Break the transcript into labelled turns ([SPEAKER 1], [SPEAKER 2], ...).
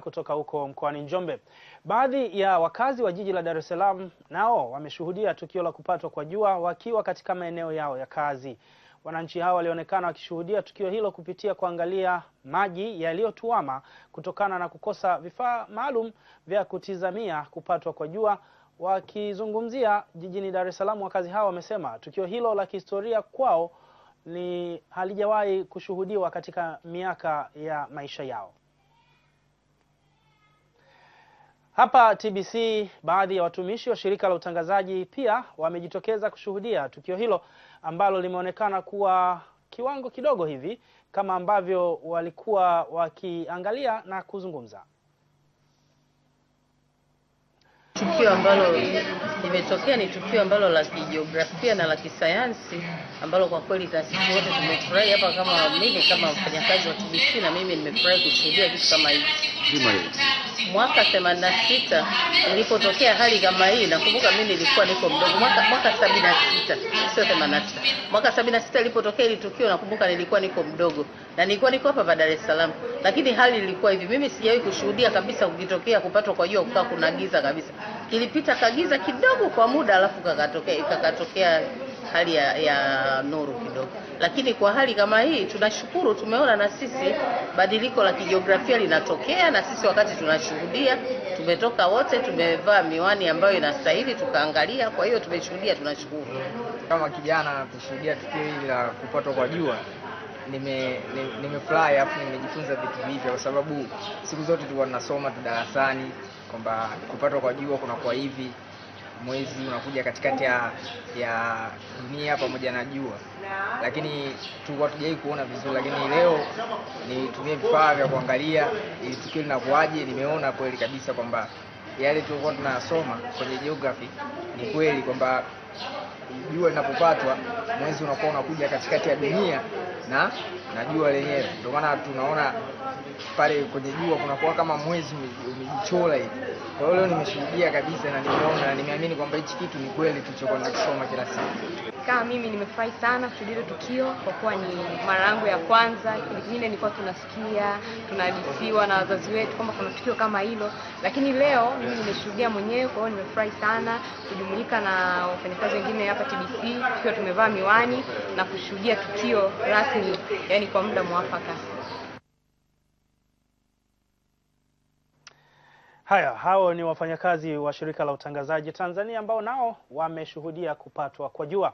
[SPEAKER 1] Kutoka huko mkoani Njombe, baadhi ya wakazi wa jiji la Dar es Salaam nao wameshuhudia tukio la kupatwa kwa jua wakiwa katika maeneo yao ya kazi. Wananchi hao walionekana wakishuhudia tukio hilo kupitia kuangalia maji yaliyotuama kutokana na kukosa vifaa maalum vya kutizamia kupatwa kwa jua. Wakizungumzia jijini Dar es Salaam, wakazi hao wamesema tukio hilo la kihistoria kwao ni halijawahi kushuhudiwa katika miaka ya maisha yao. Hapa TBC baadhi ya watumishi wa shirika la utangazaji pia wamejitokeza kushuhudia tukio hilo ambalo limeonekana kuwa kiwango kidogo hivi kama ambavyo walikuwa wakiangalia na kuzungumza.
[SPEAKER 2] Tukio ambalo limetokea ni tukio ambalo la kijiografia na la kisayansi ambalo kwa kweli taasisi wote tumefurahi hapa, kama mimi kama mfanyakazi wa TBC na mimi nimefurahi kushuhudia kitu kama hiki mwaka 86 ilipotokea hali kama hii, nakumbuka mimi nilikuwa niko mdogo. Mwaka mwaka 76 sio 86, mwaka 76 ilipotokea ile tukio, nakumbuka nilikuwa niko mdogo na nilikuwa niko hapa Dar es Salaam, lakini hali ilikuwa hivi. Mimi sijawahi kushuhudia kabisa kukitokea kupatwa kwa jua kukaa kuna giza kabisa, kilipita kagiza kidogo kwa muda, alafu kakatokea ikakatokea hali ya, ya nuru kidogo, lakini kwa hali kama hii tunashukuru, tumeona na sisi badiliko la kijiografia linatokea, na sisi wakati tunashuhudia tumetoka wote tumevaa miwani ambayo inastahili tukaangalia. Kwa hiyo tumeshuhudia, tunashukuru.
[SPEAKER 3] Kama kijana kushuhudia tukio hili la kupatwa kwa jua nimefurahi, afu nimejifunza vitu vipya, kwa sababu siku zote tulikuwa tunasoma tu darasani kwamba kupatwa kwa jua kunakuwa hivi mwezi unakuja katikati ya ya dunia pamoja na jua, lakini tulikuwa tujai kuona vizuri, lakini leo nitumie vifaa vya kuangalia ili tukio linakuaje. Nimeona kweli kabisa kwamba yale tulikuwa tunasoma kwenye geography ni kweli kwamba jua linapopatwa mwezi unakuwa unakuja katikati ya dunia na na jua lenyewe. Ndio maana tunaona pale kwenye jua kunakuwa kama mwezi umejichora hivi. Kwa hiyo leo nimeshuhudia kabisa na nimeona na nimeamini kwamba hichi kitu ni kweli tulichokuwa tunakisoma kila siku.
[SPEAKER 4] Kama mimi nimefurahi sana kushuhudia tukio kwa kuwa ni mara yangu ya kwanza. Kipindi kingine nilikuwa tunasikia, tunahadithiwa na wazazi wetu kwamba kuna tukio kama hilo, lakini leo mimi nimeshuhudia mwenyewe, kwa hiyo nimefurahi sana kujumuika na wafanyakazi wengine hapa TBC tukiwa tumevaa miwani na kushuhudia tukio rasmi, yani kwa muda mwafaka.
[SPEAKER 1] Haya, hao ni wafanyakazi wa shirika la utangazaji Tanzania ambao nao wameshuhudia kupatwa kwa jua.